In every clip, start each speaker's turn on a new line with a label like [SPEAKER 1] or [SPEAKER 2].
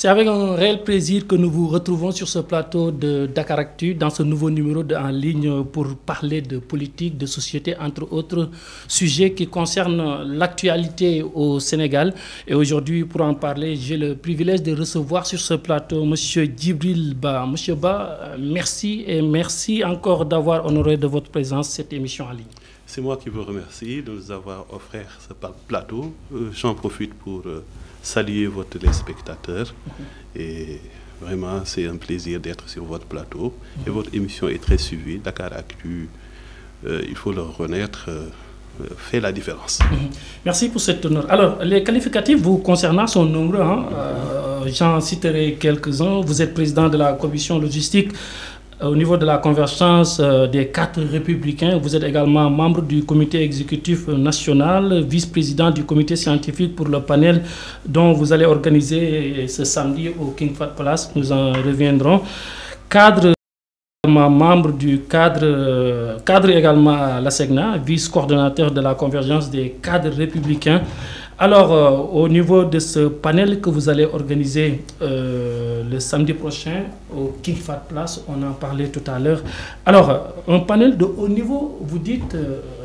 [SPEAKER 1] C'est avec un réel plaisir que nous vous retrouvons sur ce plateau de Dakar dans ce nouveau numéro En ligne pour parler de politique, de société, entre autres sujets qui concernent l'actualité au Sénégal. Et aujourd'hui, pour en parler, j'ai le privilège de recevoir sur ce plateau M. Djibril Ba. M. Ba, merci et merci encore d'avoir honoré de votre présence cette émission en ligne.
[SPEAKER 2] C'est moi qui vous remercie de nous avoir offert ce plateau. Euh, j'en profite pour euh, saluer vos téléspectateurs. Et vraiment, c'est un plaisir d'être sur votre plateau. Et votre émission est très suivie. Dakar Actu, euh, il faut le renaître. Euh, euh, fait la différence.
[SPEAKER 1] Mhm. Merci pour cet honneur. Alors, les qualificatifs vous concernant sont nombreux. Hein. J'en citerai quelques-uns. Vous êtes président de la commission logistique euh, au niveau de la convergence euh, des quatre républicains, vous êtes également membre du comité exécutif national, vice-président du comité scientifique pour le panel dont vous allez organiser ce samedi au King Fat Palace. Nous en reviendrons. Cadre membre du cadre, cadre également à la SEGNA, vice-coordonnateur de la convergence des cadres républicains. Alors, euh, au niveau de ce panel que vous allez organiser euh, le samedi prochain au King Fat Place, on en parlait tout à l'heure. Alors, euh, un panel de haut niveau, vous dites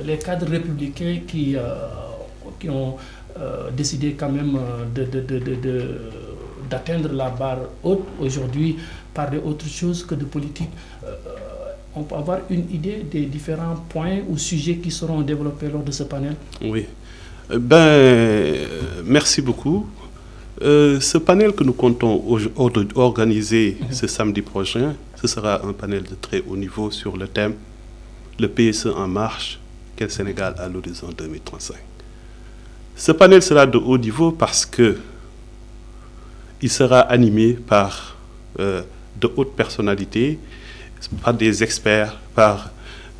[SPEAKER 1] les cadres républicains qui, qui ont décidé quand même d'atteindre de, de, la barre haute aujourd'hui par autre chose que de politique on peut avoir une idée des différents points ou sujets qui seront développés lors de ce panel
[SPEAKER 2] Oui. Euh, ben, euh, merci beaucoup. Euh, ce panel que nous comptons organiser mhm. ce samedi prochain, ce sera un panel de très haut niveau sur le thème Le PSE en marche, quel Sénégal à l'horizon 2035. Ce panel sera de haut niveau parce que il sera animé par de hautes personnalités, par des experts, par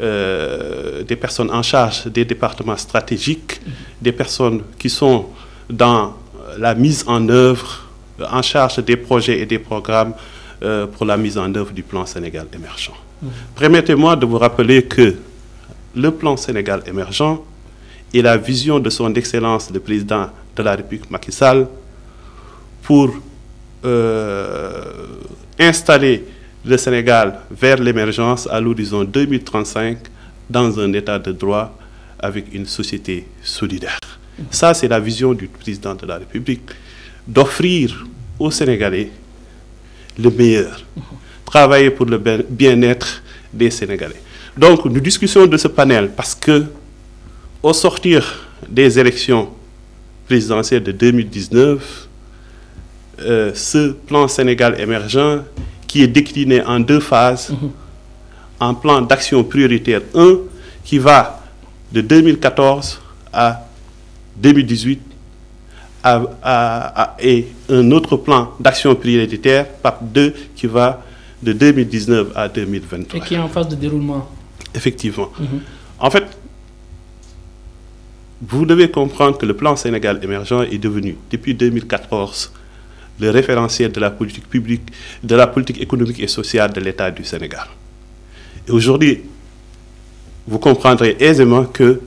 [SPEAKER 2] euh, des personnes en charge des départements stratégiques, des personnes qui sont dans la mise en œuvre, en charge des projets et des programmes euh, pour la mise en œuvre du plan Sénégal émergent. Mm-hmm. Permettez-moi de vous rappeler que le plan Sénégal émergent et la vision de son Excellence le Président de la République Macky Sall pour euh, installer le Sénégal vers l'émergence à l'horizon 2035 dans un état de droit avec une société solidaire. Ça, c'est la vision du président de la République, d'offrir aux Sénégalais le meilleur, travailler pour le bien-être des Sénégalais. Donc, nous discutons de ce panel parce que, au sortir des élections présidentielles de 2019, euh, ce plan Sénégal émergent qui est décliné en deux phases, un mhm. plan d'action prioritaire 1, qui va de 2014 à 2018, et un autre plan d'action prioritaire, PAP 2, qui va de 2019 à 2023. Et qui est en
[SPEAKER 1] phase de déroulement.
[SPEAKER 2] Effectivement. Mhm. En fait, vous devez comprendre que le plan Sénégal émergent est devenu, depuis 2014, le référentiel de la politique publique, de la politique économique et sociale de l'État du Sénégal. Et aujourd'hui, vous comprendrez aisément que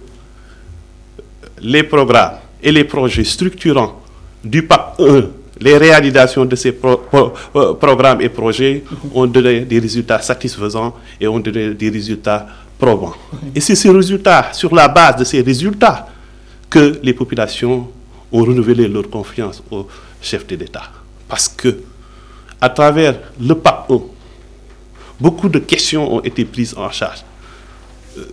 [SPEAKER 2] les programmes et les projets structurants du PAP les réalisations de ces euh, programmes et projets ont donné des résultats satisfaisants et ont donné des résultats probants. Et c'est ces résultats, sur la base de ces résultats, que les populations ont renouvelé leur confiance au chef de l'État. Parce que, à travers le PAP e, beaucoup de questions ont été prises en charge. Euh,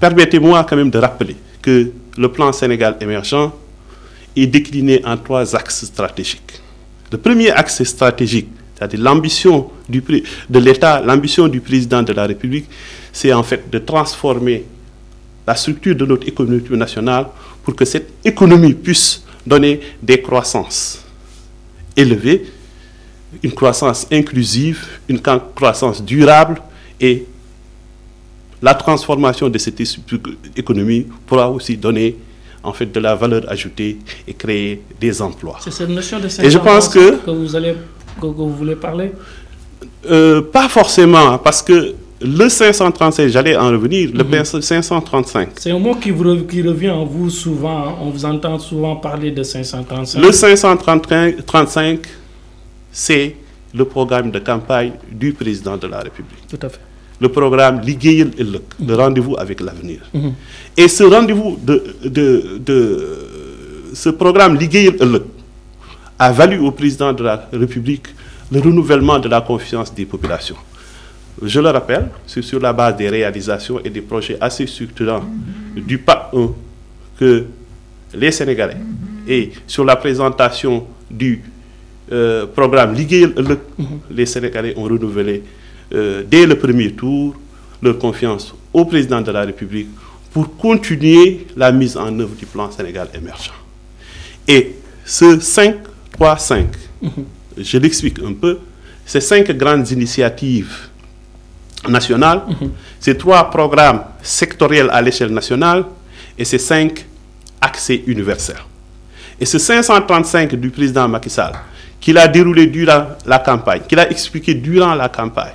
[SPEAKER 2] permettez-moi quand même de rappeler que le plan Sénégal émergent est décliné en trois axes stratégiques. Le premier axe stratégique, c'est-à-dire l'ambition de l'État, l'ambition du président de la République, c'est en fait de transformer la structure de notre économie nationale pour que cette économie puisse donner des croissances élevé, une croissance inclusive, une croissance durable et la transformation de cette économie pourra aussi donner en fait de la valeur ajoutée et créer des emplois. C'est cette notion de et je pense que,
[SPEAKER 1] vous allez, vous voulez parler
[SPEAKER 2] euh, Pas forcément, parce que le 535, j'allais en revenir, le 535. Mhm.
[SPEAKER 1] C'est un mot qui, revient en vous souvent, hein. on vous entend souvent parler de 535. Le
[SPEAKER 2] 535, c'est le programme de campagne du président de la République. Tout à fait. Le programme Ligueil, le, le mhm. rendez-vous avec l'avenir. Mhm. Et ce rendez-vous de, ce programme Ligueil le a valu au président de la République le renouvellement de la confiance des populations je le rappelle, c'est sur la base des réalisations et des projets assez structurants du PAC 1 que les Sénégalais, et sur la présentation du euh, programme Ligue, les Sénégalais ont renouvelé euh, dès le premier tour leur confiance au président de la République pour continuer la mise en œuvre du plan Sénégal émergent. Et ce 5-3-5, je l'explique un peu, ces cinq grandes initiatives national, mhm. ces trois programmes sectoriels à l'échelle nationale et ces cinq accès universels. Et ce 535 du président Macky Sall, qu'il a déroulé durant la campagne, qu'il a expliqué durant la campagne,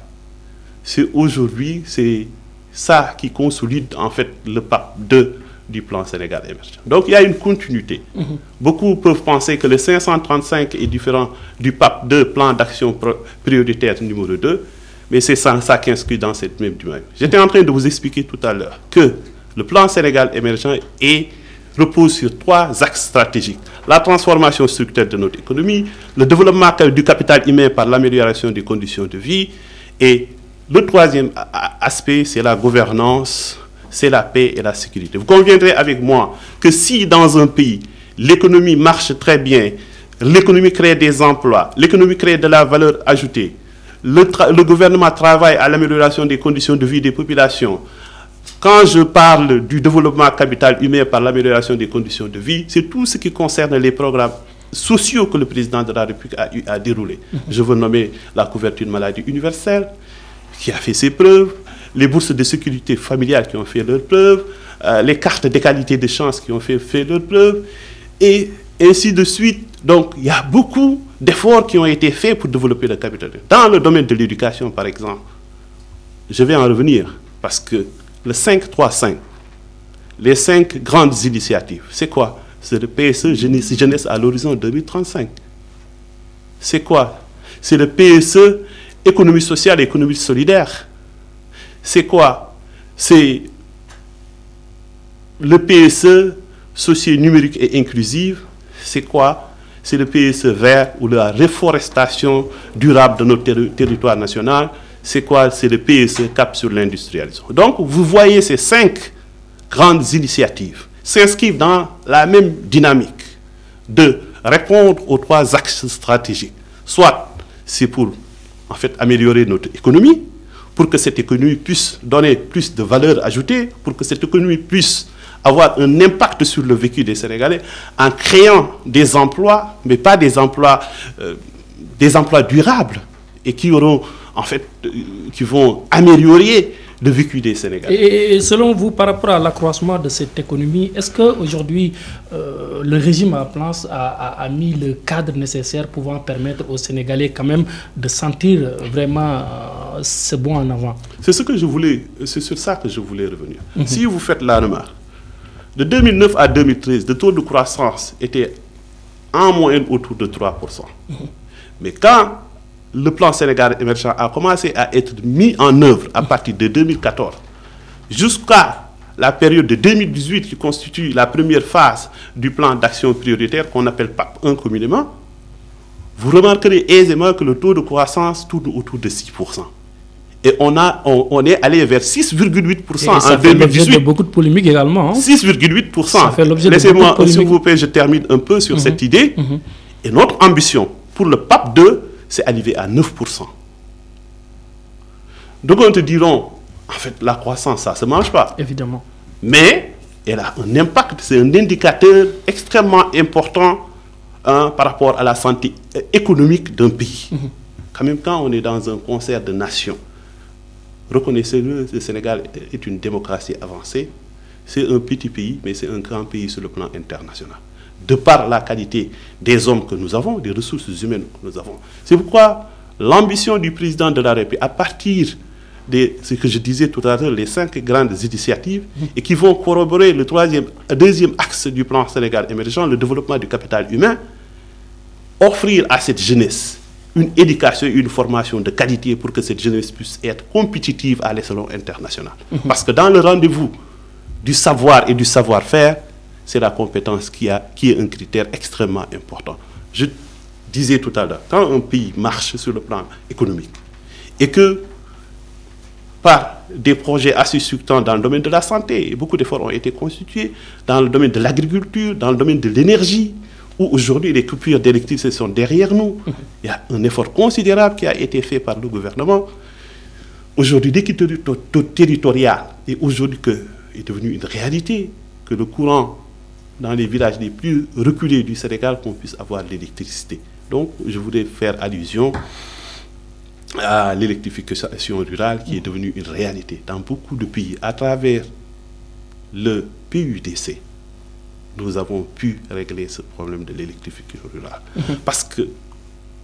[SPEAKER 2] c'est aujourd'hui, c'est ça qui consolide en fait le pape 2 du plan Sénégal émergent. Donc il y a une continuité. Mhm. Beaucoup peuvent penser que le 535 est différent du pape 2, plan d'action prioritaire numéro 2, mais c'est ça, ça qui inscrit dans cette même dimension. J'étais en train de vous expliquer tout à l'heure que le plan Sénégal émergent repose sur trois axes stratégiques. La transformation structurelle de notre économie, le développement du capital humain par l'amélioration des conditions de vie et le troisième aspect, c'est la gouvernance, c'est la paix et la sécurité. Vous conviendrez avec moi que si dans un pays, l'économie marche très bien, l'économie crée des emplois, l'économie crée de la valeur ajoutée, le, gouvernement travaille à l'amélioration des conditions de vie des populations. Quand je parle du développement capital humain par l'amélioration des conditions de vie, c'est tout ce qui concerne les programmes sociaux que le président de la République a, déroulés. Mhm. Je veux nommer la couverture de maladie universelle, qui a fait ses preuves, les bourses de sécurité familiale qui ont fait leurs preuves, euh, les cartes d'égalité de chance qui ont fait, fait leurs preuves, et ainsi de suite. Donc, il y a beaucoup d'efforts qui ont été faits pour développer le capital. Dans le domaine de l'éducation, par exemple, je vais en revenir parce que le 535, 3 5 les cinq grandes initiatives, c'est quoi C'est le PSE Jeunesse à l'horizon 2035. C'est quoi C'est le PSE économie sociale et économie solidaire. C'est quoi C'est le PSE société numérique et inclusive. C'est quoi c'est le PSE vert ou la reforestation durable de notre territoires territoire national. C'est quoi C'est le PSE cap sur l'industrialisation. Donc, vous voyez ces cinq grandes initiatives s'inscrivent dans la même dynamique de répondre aux trois axes stratégiques. Soit c'est pour en fait améliorer notre économie, pour que cette économie puisse donner plus de valeur ajoutée, pour que cette économie puisse avoir un impact sur le vécu des Sénégalais en créant des emplois, mais pas des emplois, euh, des emplois durables et qui auront en fait, euh, qui vont améliorer le vécu des Sénégalais.
[SPEAKER 1] Et, selon vous, par rapport à l'accroissement de cette économie, est-ce que aujourd'hui euh, le régime à place a, mis le cadre nécessaire pouvant permettre aux Sénégalais quand même de sentir vraiment ce bon en avant
[SPEAKER 2] C'est ce que je voulais, c'est sur ça que je voulais revenir. Mhm. Si vous faites la remarque, de 2009 à 2013, le taux de croissance était en moyenne autour de 3%. Mhm. Mais quand le plan Sénégal émergent a commencé à être mis en œuvre à partir de 2014 jusqu'à la période de 2018 qui constitue la première phase du plan d'action prioritaire qu'on appelle PAP 1 communément, vous remarquerez aisément que le taux de croissance tourne autour de 6% et on, a, on, est allé vers 6,8% en ça fait De
[SPEAKER 1] beaucoup de polémiques également.
[SPEAKER 2] 6,8%. Hein. Laissez-moi, s'il vous plaît, je termine un peu sur mhm. cette idée. Mhm. Et notre ambition pour le pape 2, c'est arriver à 9%. Donc on te diront, en fait, la croissance, ça ne se mange pas. Évidemment. Mais elle a un impact, c'est un indicateur extrêmement important hein, par rapport à la santé euh, économique d'un pays. Mhm. Quand même, quand on est dans un concert de nations, Reconnaissez-le, le Sénégal est une démocratie avancée. C'est un petit pays, mais c'est un grand pays sur le plan international. De par la qualité des hommes que nous avons, des ressources humaines que nous avons. C'est pourquoi l'ambition du président de la République, à partir de ce que je disais tout à l'heure, les cinq grandes initiatives, et qui vont corroborer le troisième, deuxième axe du plan Sénégal émergent, le développement du capital humain, offrir à cette jeunesse une éducation et une formation de qualité pour que cette jeunesse puisse être compétitive à l'échelon international. Mhm. Parce que dans le rendez-vous du savoir et du savoir-faire, c'est la compétence qui, a, qui est un critère extrêmement important. Je disais tout à l'heure, quand un pays marche sur le plan économique et que par des projets assez succincts dans le domaine de la santé, beaucoup d'efforts ont été constitués, dans le domaine de l'agriculture, dans le domaine de l'énergie, où aujourd'hui les coupures d'électricité sont derrière nous. Il y a un effort considérable qui a été fait par le gouvernement. Aujourd'hui, l'équité territorial, et aujourd'hui que est devenu une réalité, que le courant dans les villages les plus reculés du Sénégal, qu'on puisse avoir l'électricité. Donc, je voudrais faire allusion à l'électrification rurale qui est devenue une réalité dans beaucoup de pays à travers le PUDC, nous avons pu régler ce problème de l'électrification rurale. Parce que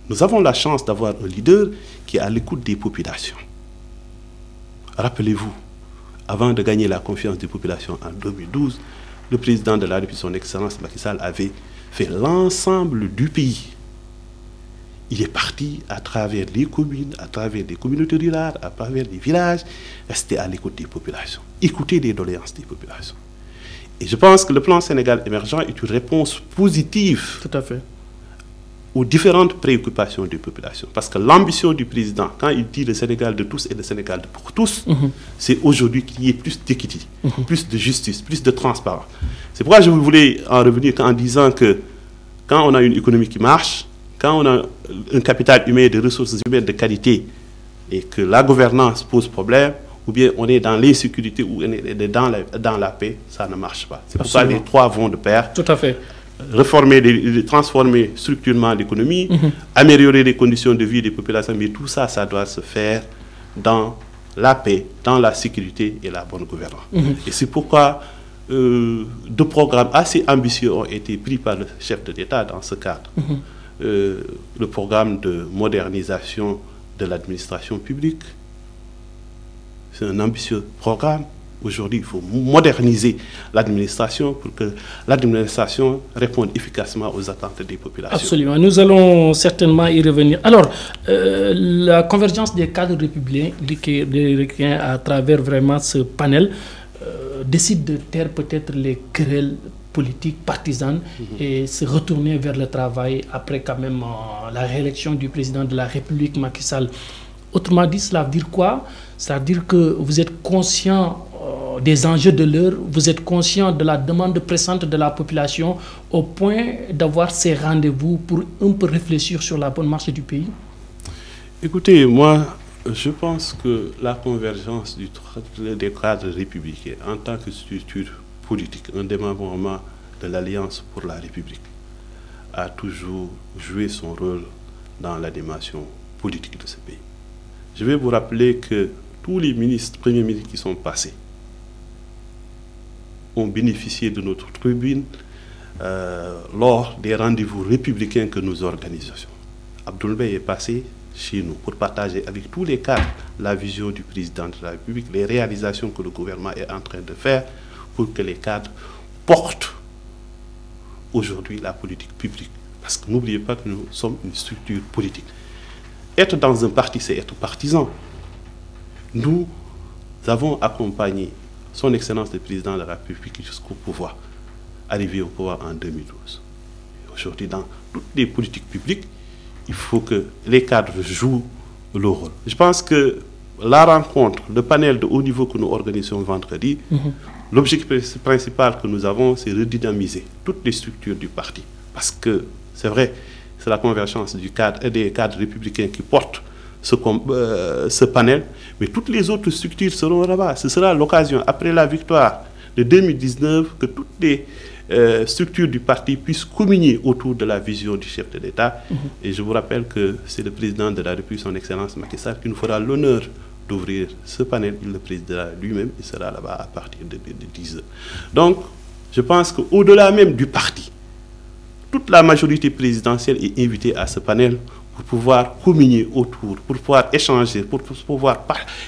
[SPEAKER 2] nous avons la chance d'avoir un leader qui est à l'écoute des populations. Rappelez-vous, avant de gagner la confiance des populations en 2012, le président de la République, son Excellence Macky Sall, avait fait l'ensemble du pays. Il est parti à travers les communes, à travers les communautés rurales, à travers les villages, rester à l'écoute des populations, écouter les doléances des populations. Et je pense que le plan Sénégal émergent est une réponse positive Tout à fait. aux différentes préoccupations des populations. Parce que l'ambition du président, quand il dit le Sénégal de tous et le Sénégal pour tous, mhm. c'est aujourd'hui qu'il y ait plus d'équité, mhm. plus de justice, plus de transparence. C'est pourquoi je voulais en revenir en disant que quand on a une économie qui marche, quand on a un capital humain, des ressources humaines de qualité, et que la gouvernance pose problème, ou bien on est dans l'insécurité ou on est dans la, paix, ça ne marche pas. C'est pourquoi les trois vont de pair. Tout à fait reformer, transformer structurellement l'économie, mhm. améliorer les conditions de vie des populations, mais tout ça, ça doit se faire dans la paix, dans la sécurité et la bonne gouvernance. Mhm. Et c'est pourquoi euh, deux programmes assez ambitieux ont été pris par le chef de l'État dans ce cadre. Mhm. Euh, le programme de modernisation de l'administration publique c'est un ambitieux programme. Aujourd'hui, il faut moderniser l'administration pour que l'administration réponde efficacement aux attentes des populations.
[SPEAKER 1] Absolument. Nous allons certainement y revenir. Alors, euh, la convergence des cadres républicains, républicains à travers vraiment ce panel euh, décide de taire peut-être les querelles politiques partisanes mhm. et se retourner vers le travail après quand même euh, la réélection du président de la République Macky Sall. Autrement dit, cela veut dire quoi c'est-à-dire que vous êtes conscient euh, des enjeux de l'heure, vous êtes conscient de la demande pressante de la population au point d'avoir ces rendez-vous pour un peu réfléchir sur la bonne marche du pays
[SPEAKER 2] Écoutez, moi, je pense que la convergence du, des cadres républicains en tant que structure politique, un démembrement de l'Alliance pour la République, a toujours joué son rôle dans la dimension politique de ce pays. Je vais vous rappeler que tous les ministres, premiers ministres qui sont passés ont bénéficié de notre tribune euh, lors des rendez-vous républicains que nous organisons. Abdoul est passé chez nous pour partager avec tous les cadres la vision du président de la République, les réalisations que le gouvernement est en train de faire pour que les cadres portent aujourd'hui la politique publique. Parce que n'oubliez pas que nous sommes une structure politique. Être dans un parti, c'est être partisan. Nous avons accompagné son Excellence le Président de la République jusqu'au pouvoir, arrivé au pouvoir en 2012. Aujourd'hui, dans toutes les politiques publiques, il faut que les cadres jouent le rôle. Je pense que la rencontre, le panel de haut niveau que nous organisons vendredi, mhm. l'objectif principal que nous avons, c'est redynamiser toutes les structures du parti. Parce que, c'est vrai, c'est la convergence du cadre, des cadres républicains qui portent ce, euh, ce panel, mais toutes les autres structures seront là-bas. Ce sera l'occasion, après la victoire de 2019, que toutes les euh, structures du parti puissent communier autour de la vision du chef de l'État. Mhm. Et je vous rappelle que c'est le président de la République, son Excellence Macky Sall, qui nous fera l'honneur d'ouvrir ce panel. Il le présidera lui-même, il sera là-bas à partir de, 10 heures. Donc, je pense qu'au-delà même du parti, toute la majorité présidentielle est invitée à ce panel pour pouvoir communier autour, pour pouvoir échanger, pour pouvoir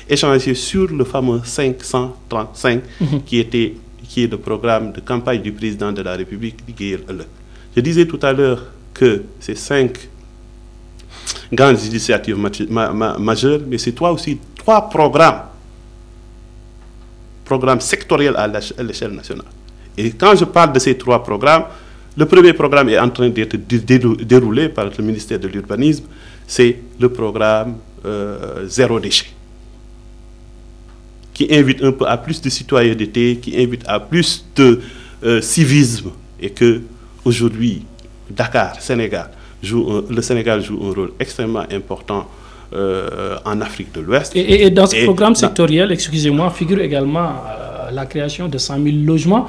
[SPEAKER 2] échanger sur le fameux 535 mhm. qui, était, qui est le programme de campagne du président de la République, Alec. Je disais tout à l'heure que ces cinq grandes initiatives majeures, mais c'est toi aussi trois programmes, programmes sectoriels à l'échelle nationale. Et quand je parle de ces trois programmes, le premier programme est en train d'être déroulé par le ministère de l'Urbanisme, c'est le programme euh, Zéro déchet, qui invite un peu à plus de citoyenneté, qui invite à plus de euh, civisme, et que aujourd'hui, Dakar, Sénégal, joue le Sénégal joue un rôle extrêmement important euh, en Afrique de l'Ouest. Et, dans ce programme
[SPEAKER 1] sectoriel, excusez-moi, figure également la création de 100 000 logements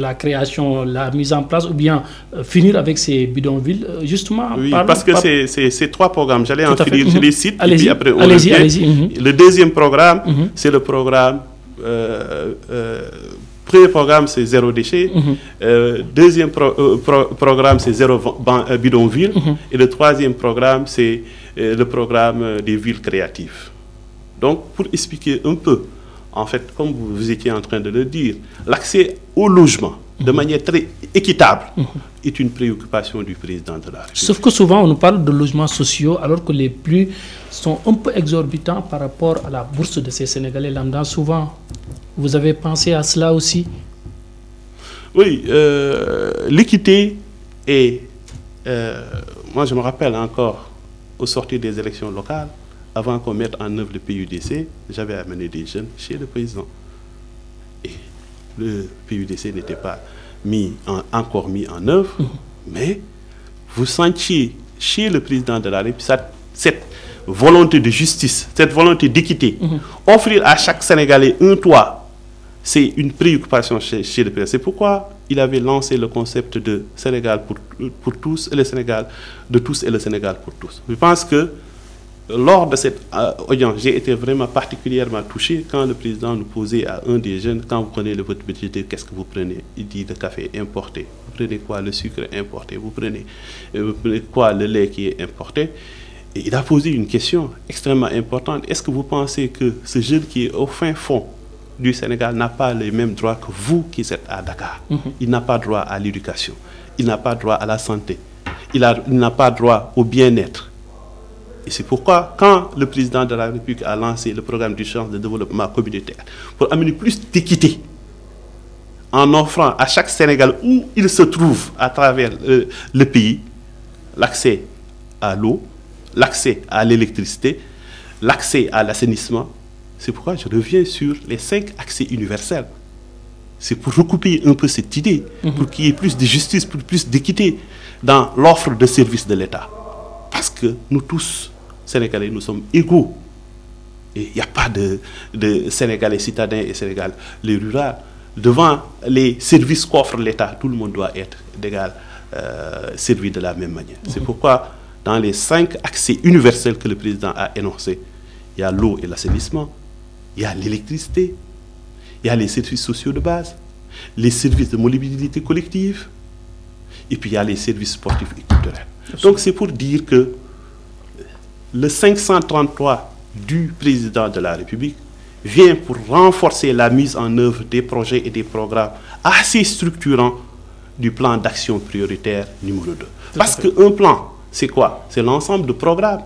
[SPEAKER 1] la création, la mise en place, ou bien euh, finir avec ces bidonvilles, euh, justement Oui, parce que
[SPEAKER 2] c'est ces trois programmes, j'allais en finir, je mhm. les cite, puis après allez mhm. Le deuxième programme, mhm. c'est le programme... Euh, euh, premier programme, c'est zéro déchet. deuxième programme, c'est zéro bidonville. Et le troisième programme, c'est le programme des villes créatives. Donc, pour expliquer un peu en fait, comme vous étiez en train de le dire, l'accès au logement de mhm. manière très équitable mhm. est une préoccupation du président de la République. Sauf
[SPEAKER 1] que souvent, on nous parle de logements sociaux alors que les plus sont un peu exorbitants par rapport à la bourse de ces Sénégalais lambda. Souvent, vous avez pensé à cela aussi
[SPEAKER 2] Oui, euh, l'équité est... Euh, moi, je me rappelle encore, aux sorties des élections locales, avant qu'on mette en œuvre le PUDC, j'avais amené des jeunes chez le président. Et le PUDC n'était pas mis encore mis en œuvre, mm-hmm. mais vous sentiez chez le président de la République cette volonté de justice, cette volonté d'équité. Mm-hmm. Offrir à chaque Sénégalais un toit, c'est une préoccupation chez, le président. C'est pourquoi il avait lancé le concept de Sénégal pour, pour tous et le Sénégal de tous et le Sénégal pour tous. Je pense que lors de cette euh, audience, j'ai été vraiment particulièrement touché quand le président nous posait à un des jeunes, quand vous prenez le votre budget, qu'est-ce que vous prenez Il dit le café importé. Vous prenez quoi Le sucre importé. Vous prenez, euh, vous prenez quoi Le lait qui est importé. il a posé une question extrêmement importante. Est-ce que vous pensez que ce jeune qui est au fin fond du Sénégal n'a pas les mêmes droits que vous qui êtes à Dakar mm-hmm. Il n'a pas droit à l'éducation. Il n'a pas droit à la santé. Il n'a pas droit au bien-être et c'est pourquoi, quand le président de la République a lancé le programme du champ de développement communautaire pour amener plus d'équité, en offrant à chaque Sénégal où il se trouve à travers euh, le pays l'accès à l'eau, l'accès à l'électricité, l'accès à l'assainissement. C'est pourquoi je reviens sur les cinq accès universels. C'est pour recouper un peu cette idée, mhm. pour qu'il y ait plus de justice, pour plus d'équité dans l'offre de services de l'État. Parce que nous tous, Sénégalais, nous sommes égaux. Il n'y a pas de, de, Sénégalais citadins et Sénégalais les ruraux. Devant les services qu'offre l'État, tout le monde doit être d'égal, euh, servi de la même manière. C'est mhm. pourquoi, dans les cinq accès universels que le président a énoncés, il y a l'eau et l'assainissement, il y a l'électricité, il y a les services sociaux de base, les services de mobilité collective, et puis il y a les services sportifs et culturels. Donc c'est pour dire que le 533 du président de la République vient pour renforcer la mise en œuvre des projets et des programmes assez structurants du plan d'action prioritaire numéro 2. Parce qu'un plan, c'est quoi C'est l'ensemble de programmes.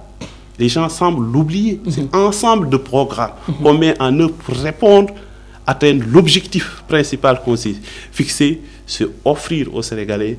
[SPEAKER 2] Les gens semblent l'oublier. Mhm. C'est l'ensemble ensemble de programmes mhm. qu'on met en œuvre pour répondre, atteindre l'objectif principal qu'on s'est fixé, c'est offrir aux Sénégalais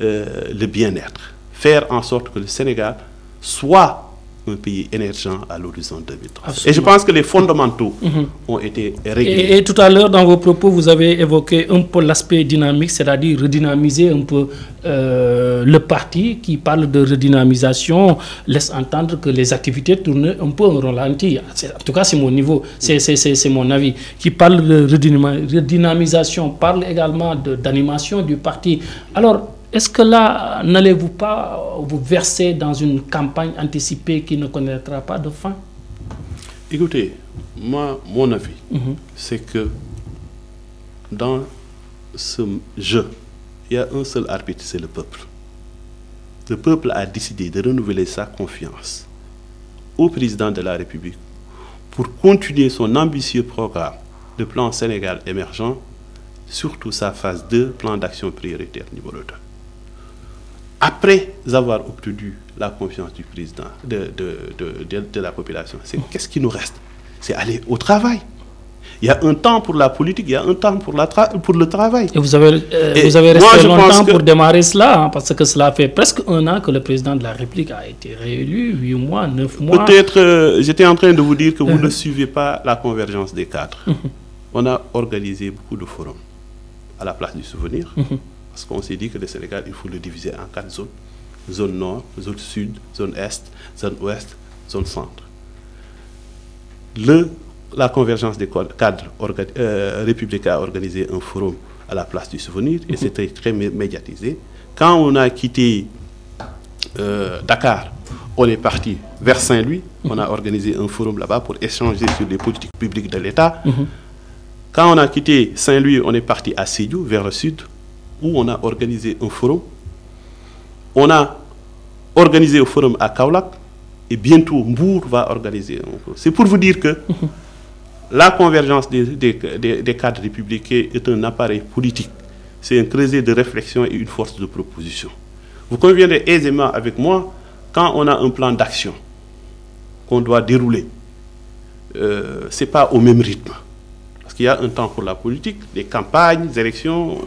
[SPEAKER 2] euh, le bien-être. Faire en sorte que le Sénégal soit pays émergent à l'horizon 2030. Et je pense que les fondamentaux mhm. ont été réglés.
[SPEAKER 1] Et, tout à l'heure, dans vos propos, vous avez évoqué un peu l'aspect dynamique, c'est-à-dire redynamiser un peu euh, le parti qui parle de redynamisation, laisse entendre que les activités tournent un peu en ralenti. En tout cas, c'est mon niveau, c'est mon avis. Qui parle de redynamisation, parle également d'animation du parti. Alors, est-ce que là, n'allez-vous pas vous verser dans une campagne anticipée qui ne connaîtra pas de fin
[SPEAKER 2] Écoutez, moi, mon avis, mhm. c'est que dans ce jeu, il y a un seul arbitre, c'est le peuple. Le peuple a décidé de renouveler sa confiance au président de la République pour continuer son ambitieux programme de plan Sénégal émergent, surtout sa phase 2, plan d'action prioritaire niveau 2 après avoir obtenu la confiance du président, de, de, de, de la population, c'est qu'est-ce qui nous reste C'est aller au travail. Il y a un temps pour la politique, il y a un temps pour, la pour le travail. Et vous avez, euh, vous avez resté longtemps pour
[SPEAKER 1] démarrer cela, hein, parce que cela fait presque un an que le président de la République a été réélu, Huit mois, neuf mois. Peut-être,
[SPEAKER 2] euh, j'étais en train de vous dire que vous euh. ne suivez pas la convergence des quatre. On a organisé beaucoup de forums à la place du souvenir. Parce qu'on s'est dit que le Sénégal, il faut le diviser en quatre zones. Zone nord, zone sud, zone est, zone ouest, zone centre. Le, la convergence des cadres euh, républicains a organisé un forum à la place du souvenir et mhm. c'était très médiatisé. Quand on a quitté euh, Dakar, on est parti vers Saint-Louis. On a mhm. organisé un forum là-bas pour échanger sur les politiques publiques de l'État. Mhm. Quand on a quitté Saint-Louis, on est parti à Sidiou, vers le sud où on a organisé un forum. On a organisé un forum à Kaolak et bientôt Mbour va organiser un forum. C'est pour vous dire que la convergence des, cadres républicains est un appareil politique. C'est un creuset de réflexion et une force de proposition. Vous conviendrez aisément avec moi quand on a un plan d'action qu'on doit dérouler. Euh, ce n'est pas au même rythme. Parce qu'il y a un temps pour la politique, les campagnes, les élections,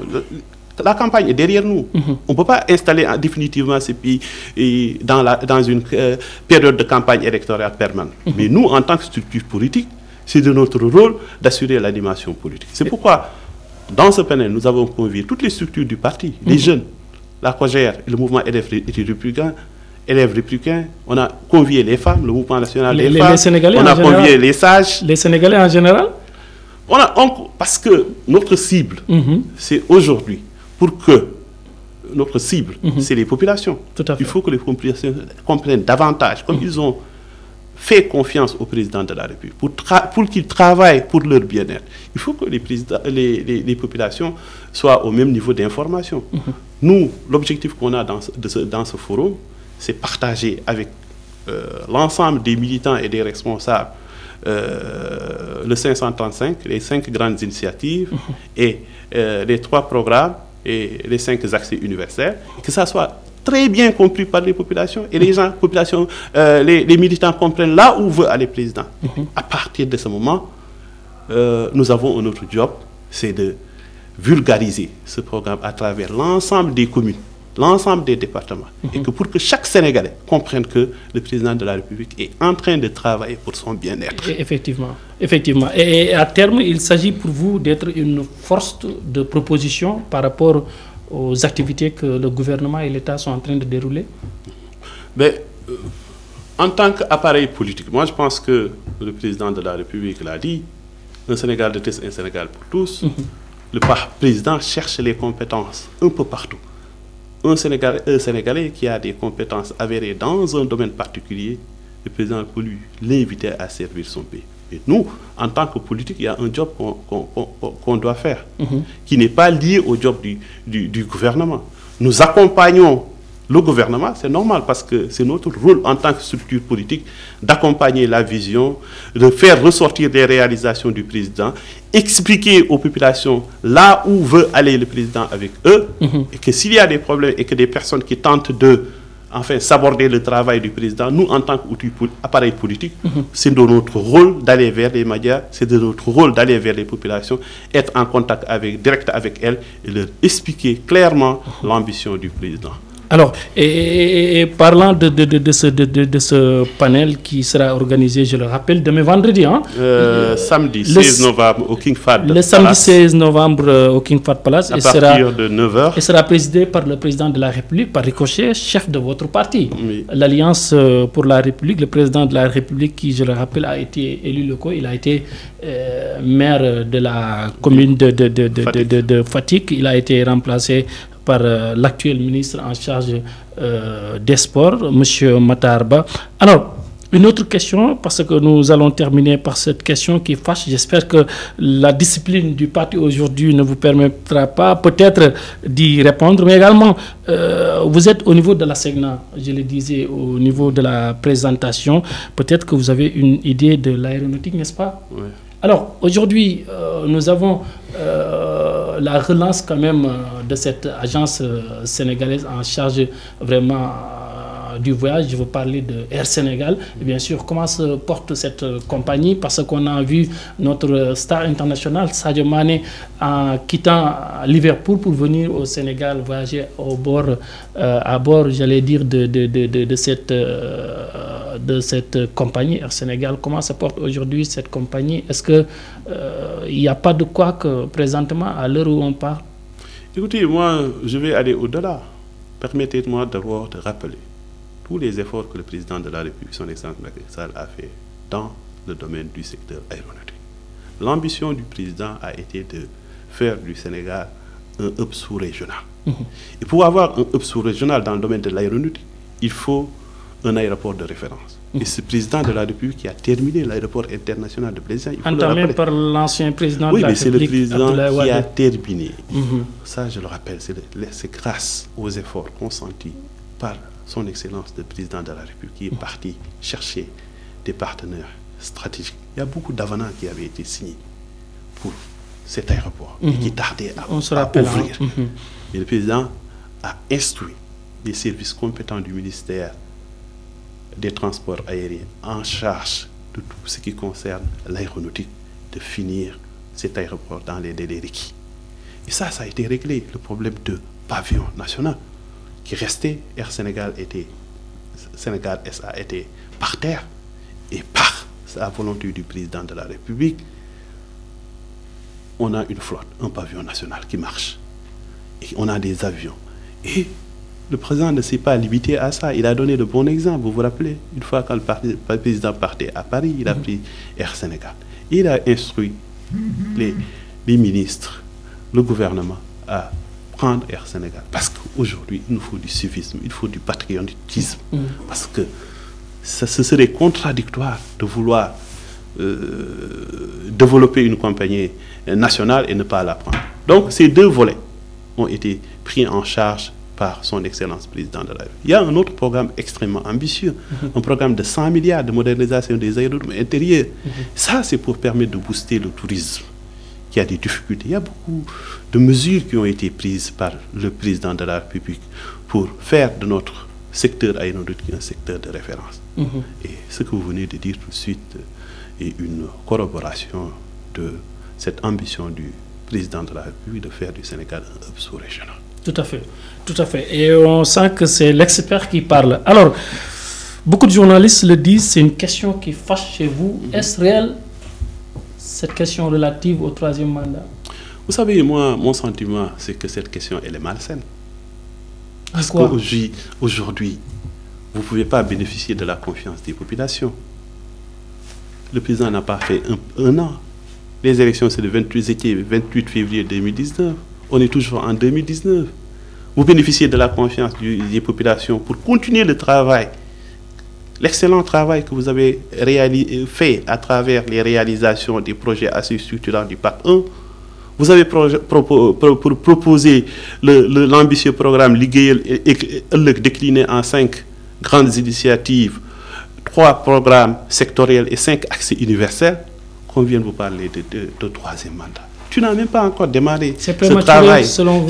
[SPEAKER 2] la campagne est derrière nous. Mhm. On ne peut pas installer définitivement ces pays dans, une euh, période de campagne électorale permanente. Mhm. Mais nous, en tant que structure politique, c'est de notre rôle d'assurer la dimension politique. C'est pourquoi, dans ce panel, nous avons convié toutes les structures du parti, les mhm. jeunes, la COGER, le mouvement élèves républicains, élèves on a convié les femmes, le mouvement national des femmes, Sénégalais on a convié les sages. Les Sénégalais en général on Parce que notre cible, c'est aujourd'hui pour que notre cible, mhm. c'est les populations. Il faut que les populations comprennent davantage, comme mhm. ils ont fait confiance au président de la République pour, pour qu'ils travaillent pour leur bien-être. Il faut que les, les, populations soient au même niveau d'information. Mhm. Nous, l'objectif qu'on a dans ce, forum, c'est partager avec euh, l'ensemble des militants et des responsables euh, le 535, les cinq grandes initiatives et euh, les trois programmes et les cinq accès universels, que ça soit très bien compris par les populations et les gens, populations euh, les, militants comprennent là où veut aller le président. Mhm. À partir de ce moment, euh, nous avons un autre job, c'est de vulgariser ce programme à travers l'ensemble des communes l'ensemble des départements et mhm. que pour que chaque Sénégalais comprenne que le président de la République est en train de travailler pour son bien-être.
[SPEAKER 1] Effectivement, effectivement. Et, à terme, il s'agit pour vous d'être une force de proposition par rapport aux activités que le gouvernement et l'État sont en train de dérouler
[SPEAKER 2] Mais, euh, En tant qu'appareil politique, moi je pense que le président de la République l'a dit, un Sénégal de tous, un Sénégal pour tous. Mhm. Le président cherche les compétences un peu partout un Sénégalais, qui a des compétences avérées dans un domaine particulier, le président peut lui l'inviter à servir son pays. Et nous, en tant que politique, il y a un job qu'on doit faire, mhm. qui n'est pas lié au job du gouvernement. Nous accompagnons le gouvernement, c'est normal parce que c'est notre rôle en tant que structure politique d'accompagner la vision, de faire ressortir les réalisations du président, expliquer aux populations là où veut aller le président avec eux, mhm. et que s'il y a des problèmes et que des personnes qui tentent de saborder le travail du président, nous, en tant qu'appareil politique, mhm. c'est de notre rôle d'aller vers les médias, c'est de notre rôle d'aller vers les populations, être en contact direct avec elles et leur expliquer clairement mhm. l'ambition du président.
[SPEAKER 1] Alors, et, parlant de, ce, panel qui sera organisé, je le rappelle, demain vendredi. Hein?
[SPEAKER 2] Euh, samedi 16 novembre au King Fad Le samedi 16
[SPEAKER 1] novembre euh, au King Fad Palace. À partir de 9h. Et sera présidé par le président de la République, par Ricochet, chef de votre parti. L'Alliance euh, pour la République, le président de la République qui, je le rappelle, a été élu local. Il a été maire de la commune de, de, Fatik. Il a été remplacé par euh, l'actuel ministre en charge euh, des sports, M. Matarba. Alors, une autre question, parce que nous allons terminer par cette question qui fâche. J'espère que la discipline du parti aujourd'hui ne vous permettra pas peut-être d'y répondre, mais également, euh, vous êtes au niveau de la SEGNA, je le disais, au niveau de la présentation. Peut-être que vous avez une idée de l'aéronautique, n'est-ce pas oui. Alors aujourd'hui, euh, nous avons euh, la relance quand même euh, de cette agence sénégalaise en charge vraiment du voyage, je veux parler de Air Sénégal. Et bien sûr, comment se porte cette compagnie Parce qu'on a vu notre star international, Sadio Mane, en quittant Liverpool pour venir au Sénégal voyager bord, euh, à bord, j'allais dire, de, de, cette... Euh, de cette compagnie Air Sénégal. Comment se porte aujourd'hui cette compagnie Est-ce qu'il euh, n'y a pas de quoi que présentement, à l'heure où on parle
[SPEAKER 2] Écoutez, moi, je vais aller au-delà. Permettez-moi d'abord de rappeler tous les efforts que le président de la République, son excellence Macky Sall, a fait dans le domaine du secteur aéronautique. L'ambition du président a été de faire du Sénégal un hub sous-régional. Mhm. Et pour avoir un hub sous-régional dans le domaine de l'aéronautique, il faut un aéroport de référence. Mhm. Et ce président de la République qui a terminé l'aéroport international de Plaisir. Entamé par
[SPEAKER 1] l'ancien président de la mais c'est le président qui a
[SPEAKER 2] terminé. Mhm. Ça, je le rappelle, c'est grâce aux efforts consentis par son Excellence le Président de la République est parti chercher des partenaires stratégiques. Il y a beaucoup d'avenants qui avaient été signés pour cet aéroport et qui mhm. tardaient à, On hein. mhm. Mais le Président a instruit les services compétents du ministère des Transports aériens en charge de tout ce qui concerne l'aéronautique de finir cet aéroport dans les délais requis. Et ça, ça a été réglé, le problème de pavillon national qui restait, Air Sénégal était, Sénégal SA était par terre et par la volonté du président de la République, on a une flotte, un pavillon national qui marche. Et on a des avions. Et le président ne s'est pas limité à ça. Il a donné le bon exemple. Vous vous rappelez, une fois quand le, président partait à Paris, il a pris Air Sénégal. Il a instruit les, les ministres, le gouvernement à Air Sénégal. Parce qu'aujourd'hui, il nous faut du civisme, il faut du patriotisme. Mm. Parce que ce serait contradictoire de vouloir euh, développer une compagnie nationale et ne pas la prendre. Donc, ces deux volets ont été pris en charge par son Excellence Président de la République. Il y a un autre programme extrêmement ambitieux, mm-hmm. un programme de 100 milliards de modernisation des aéroports intérieurs. Mm-hmm. Ça, c'est pour permettre de booster le tourisme il y a des difficultés. Il y a beaucoup de mesures qui ont été prises par le président de la République pour faire de notre secteur aéronautique un secteur de référence. Mhm. Et ce que vous venez de dire tout de suite est une corroboration de cette ambition du président de la République de faire du Sénégal un hub sous-régional.
[SPEAKER 1] Tout à fait, tout à fait. Et on sent que c'est l'expert qui parle. Alors, beaucoup de journalistes le disent, c'est une question qui fâche chez vous. Mhm. Est-ce réel cette question relative au troisième mandat
[SPEAKER 2] Vous savez, moi, mon sentiment, c'est que cette question, elle est malsaine. Parce qu'aujourd'hui, vous ne pouvez pas bénéficier de la confiance des populations. Le président n'a pas fait un, an. Les élections, c'est le 28, février 2019. On est toujours en 2019. Vous bénéficiez de la confiance des populations pour continuer le travail l'excellent travail que vous avez fait à travers les réalisations des projets assez structurants du PAC 1. Vous avez pro pro proposé l'ambitieux programme le décliné en cinq grandes initiatives, trois programmes sectoriels et cinq accès universels. Qu'on vient de vous parler de, troisième mandat. Tu n'as même pas encore démarré ce travail. Selon vous.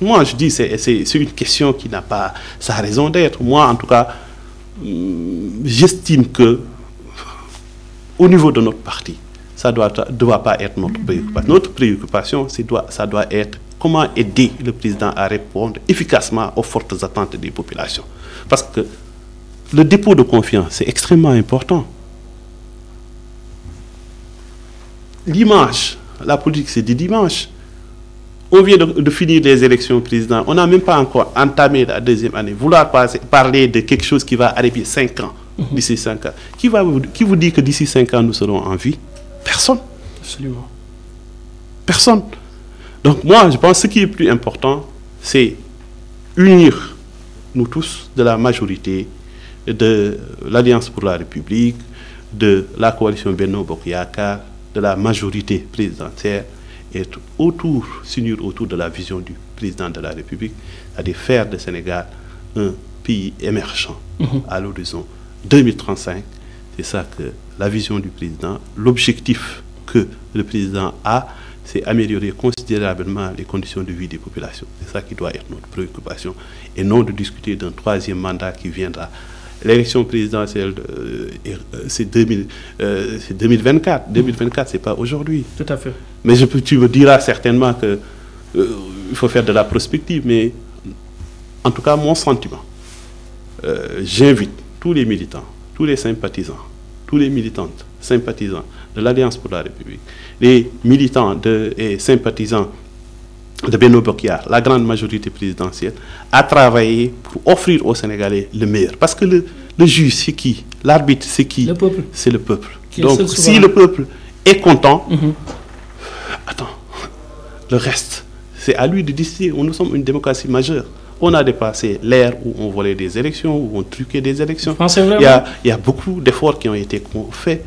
[SPEAKER 2] moi, je dis c'est une question qui n'a pas sa raison d'être. Moi, en tout cas, j'estime que au niveau de notre parti, ça ne doit, pas être notre préoccupation. Mm-hmm. Notre préoccupation, ça doit être comment aider le président à répondre efficacement aux fortes attentes des populations. Parce que le dépôt de confiance, c'est extrêmement important. Dimanche, la politique, c'est des dimanche on vient de, finir les élections présidentielles, on n'a même pas encore entamé la deuxième année. Vouloir parler de quelque chose qui va arriver cinq ans, mhm. d'ici cinq ans, qui, va vous, dit que d'ici cinq ans nous serons en vie Personne. Absolument. Personne. Donc moi, je pense que ce qui est plus important, c'est unir nous tous de la majorité de l'Alliance pour la République, de la coalition Beno Bokyaka, de la majorité présidentielle être autour, s'unir autour de la vision du président de la République, à dire faire de Sénégal un pays émergent mhm. à l'horizon 2035. C'est ça que la vision du président, l'objectif que le président a, c'est améliorer considérablement les conditions de vie des populations. C'est ça qui doit être notre préoccupation et non de discuter d'un troisième mandat qui viendra l'élection présidentielle, euh, euh, c'est 2024. 2024, euh, c'est pas aujourd'hui. Tout à fait. Mais tu me diras certainement que il faut faire de la prospective, mais en tout cas, mon sentiment, j'invite tous les militants, tous les sympathisants, tous les militantes, sympathisants de l'Alliance pour la République, les militants de, et sympathisants de Beno la grande majorité présidentielle, a travaillé pour offrir aux Sénégalais le meilleur. Parce que le, le juge, c'est qui L'arbitre, c'est qui Le peuple. C'est le peuple. Donc, si le peuple est content, mhm. attends, le reste, c'est à lui de décider. Nous sommes une démocratie majeure. On a dépassé l'ère où on volait des élections, où on truquait des élections. Il y, a, beaucoup d'efforts qui ont été faits.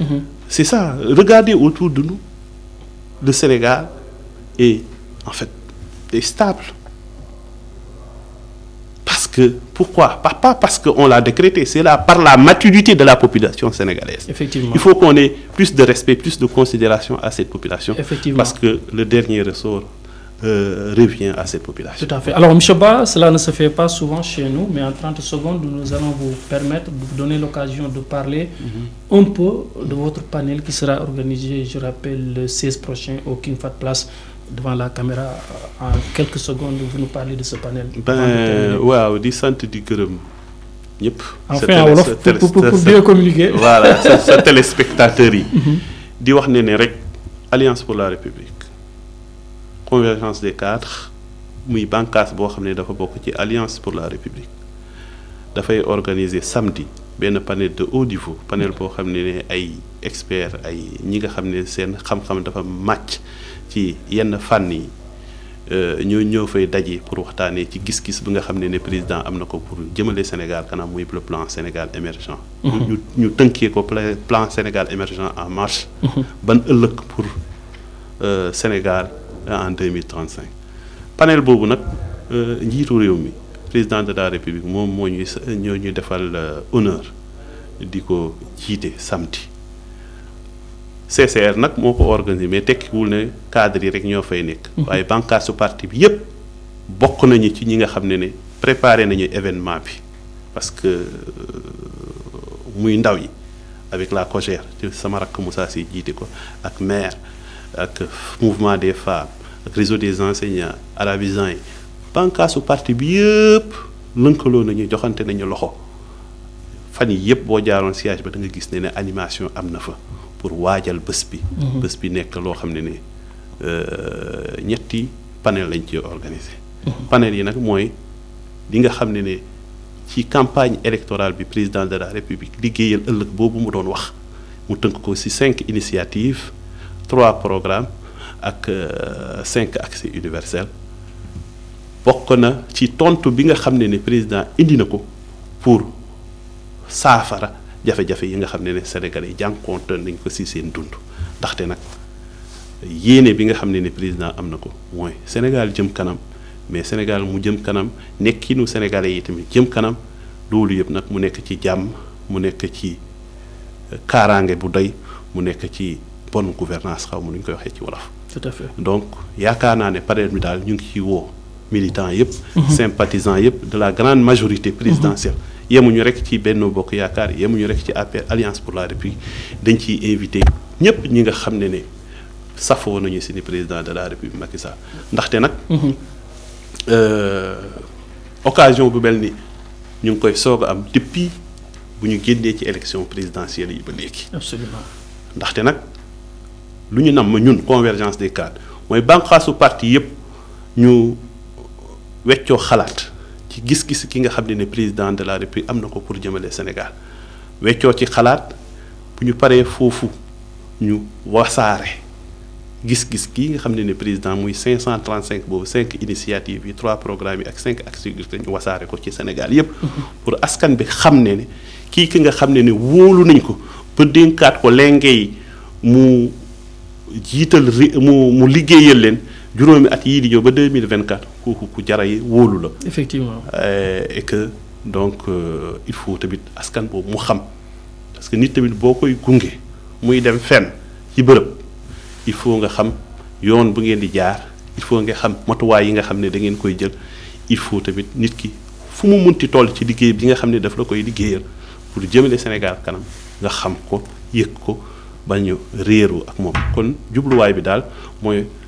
[SPEAKER 2] Mhm. Mhm. C'est ça. Regardez autour de nous. Le Sénégal est en fait, est stable. Parce que, pourquoi Pas parce qu'on l'a décrété, c'est là par la maturité de la population sénégalaise.
[SPEAKER 1] Effectivement. Il faut
[SPEAKER 2] qu'on ait plus de respect, plus de considération à cette population. Effectivement. Parce que le dernier ressort euh, revient à cette population. Tout à fait. Alors, M.
[SPEAKER 1] Ba, cela ne se fait pas souvent chez nous, mais en 30 secondes, nous allons vous permettre, vous donner l'occasion de parler mhm. un peu de votre panel qui sera organisé, je rappelle, le 16 prochain au King Fat Place devant la caméra en quelques secondes vous nous parlez de ce panel ben
[SPEAKER 2] waaw di sant di gërëm ñëpp enfin wolof pour pour bien communiquer voilà sa la yi mhm. di wax né rek alliance pour la république convergence des cadres muy bankas bo xamné dafa ci alliance pour la république fay organiser samedi un panel de haut niveau panel pour xamné ay experts ay ñi nga xamné seen xam-xam dafa ci yenn fànn yi euh, ñoo ñoo fay daje pour waxtaanee ci gis-gis bi nga xam ne ne président am na ko pour jëmale Sénégal kanam muy le plan Sénégal émergent mm-hmm. ñu ñu tënkee ko plan Sénégal émergent en marche mm-hmm. ban ëllëg pour euh, Sénégal en 2035 panel boobu nag euh, njiitu réew mi président de la république moom moo ñuy ñoo ñu defal honneur di ko jiite samedi CCR nak moko organiser organisé mais tekkiwul ne cadre yi rek ñoo fay nekk. Mhm. waaye parti bi yëpp bokk nañu ci ñi nga xam ne nañu événement bi parce que euh, muy ndaw yi avec la COJER ci sama rak Moussa si jité ko ak maire ak mouvement des femmes ak réseau des enseignants arabisants yi bànqaasu parti bi yëpp lënkaloo nañu joxante nañu loxo fan yi bo boo jaaroon siège ba da nga gis né ne animation am na fa. pour waajal bés bi. Mhm. bés bi nekk loo xam ne ne euh, ñetti panel lañ ci organisé. Mhm. panel yi nag mooy li nga xam ne ne ci campagne électorale bi président de la république liggéeyal ëllëg boobu mu doon wax mu tënk ko ci cinq initiatives trois programmes ak euh, cinq accès universel bokk na ci tontu bi nga xam ne ni président indi na ko pour saafara. jafé jafé yi nga xamné né Sénégalais jankonté jànkoonte nañ ko ci seen dund ndaxte nak yéné bi nga xamné né président am na ko mooy Sénégal jëm kanam mais Sénégal mu jëm kanam nekkinu Sénégalais yi tamit jëm kanam loolu yëpp nak mu nekk ci jàmm mu nekk ci euh, kaaraange bu doy mu nekk ci bonne gouvernance xaw ma ñu koy waxé ci wolof. tout à fait donc yaakaar naa ne période bi daal ñu ngi ciy woo militants yëpp. Mhm. sympathisants yëpp de la grande majorité présidentielle yemuñu rek ci Benno Bokk Yaakaar yemuñu rek ci APR Alliance pour la République dañ ci invité ñëpp ñi nga xam ne ne safoo nañu seeni président de la République Macky Sall ndaxte nag. Mhm. Euh, occasion bu mel ni ñu ngi koy soog a am depuis bu ñu génnee ci élection présidentielle yi ba léegi. absolument ndaxte nag lu ñu nam ñun convergence des cadres mooy bànqaasu parti yëpp ñu weccoo xalaat. ci gis-gis ki nga xam ne ne président de la république am na ko pour jëmale Sénégal weccoo ci xalaat bu ñu paree foofu ñu wasaare gis-gis kii nga xam ne ne président muy 535 boobu 5 initiative yi 3 programmes yi ak 5 axes ñu wasaare ko ci Sénégal yépp mm-hmm. pour askan bi xam ne ne kii ki nga xam ne ne wóolu nañ ko ba dénkaat ko lenge yi mu jiital mu mu liggéeyal leen juróomi at yii di ñëw ba deux mille vingt quatre kooku ku jara yi wóolu la. effectivement eh, et que donc euh, il faut tamit askan boobu mu xam parce que nit tamit boo koy gunge muy dem fenn ci bërëb il faut nga xam yoon bu ngeen di jaar il faut nga xam matuwaay yi nga xam ne da ngeen koy jël il faut tamit nit ki fu mu munti toll ci liggéey bi nga xam ne daf la koy liggéeyal pour jëmale Sénégal kanam nga xam ko yëg ko bañu réeru ak moom kon jubluwaay bi daal mooy.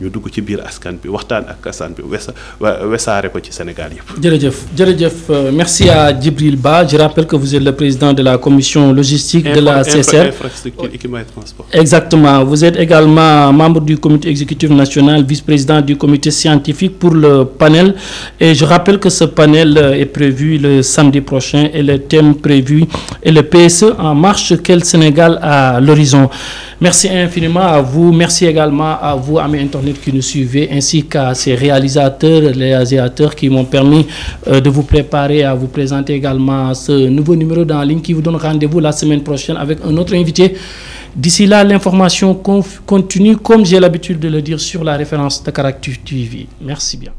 [SPEAKER 2] ñu dugg ci biir askan bi ak Sénégal
[SPEAKER 1] merci à Djibril Ba je rappelle que vous êtes le président de la commission logistique. de la CSR
[SPEAKER 2] infrastructure équipement transport.
[SPEAKER 1] exactement vous êtes également membre du comité exécutif national vice-président du comité scientifique pour le panel et je rappelle que ce panel euh, est prévu le samedi prochain et le thème prévu est le PSE en marche quel Sénégal à l'horizon merci infiniment à vous merci également à vous Amé qui nous suivaient, ainsi qu'à ces réalisateurs, les réalisateurs qui m'ont permis euh, de vous préparer à vous présenter également ce nouveau numéro dans ligne qui vous donne rendez-vous la semaine prochaine avec un autre invité. D'ici là, l'information continue, comme j'ai l'habitude de le dire, sur la référence de Caractu TV. Merci bien.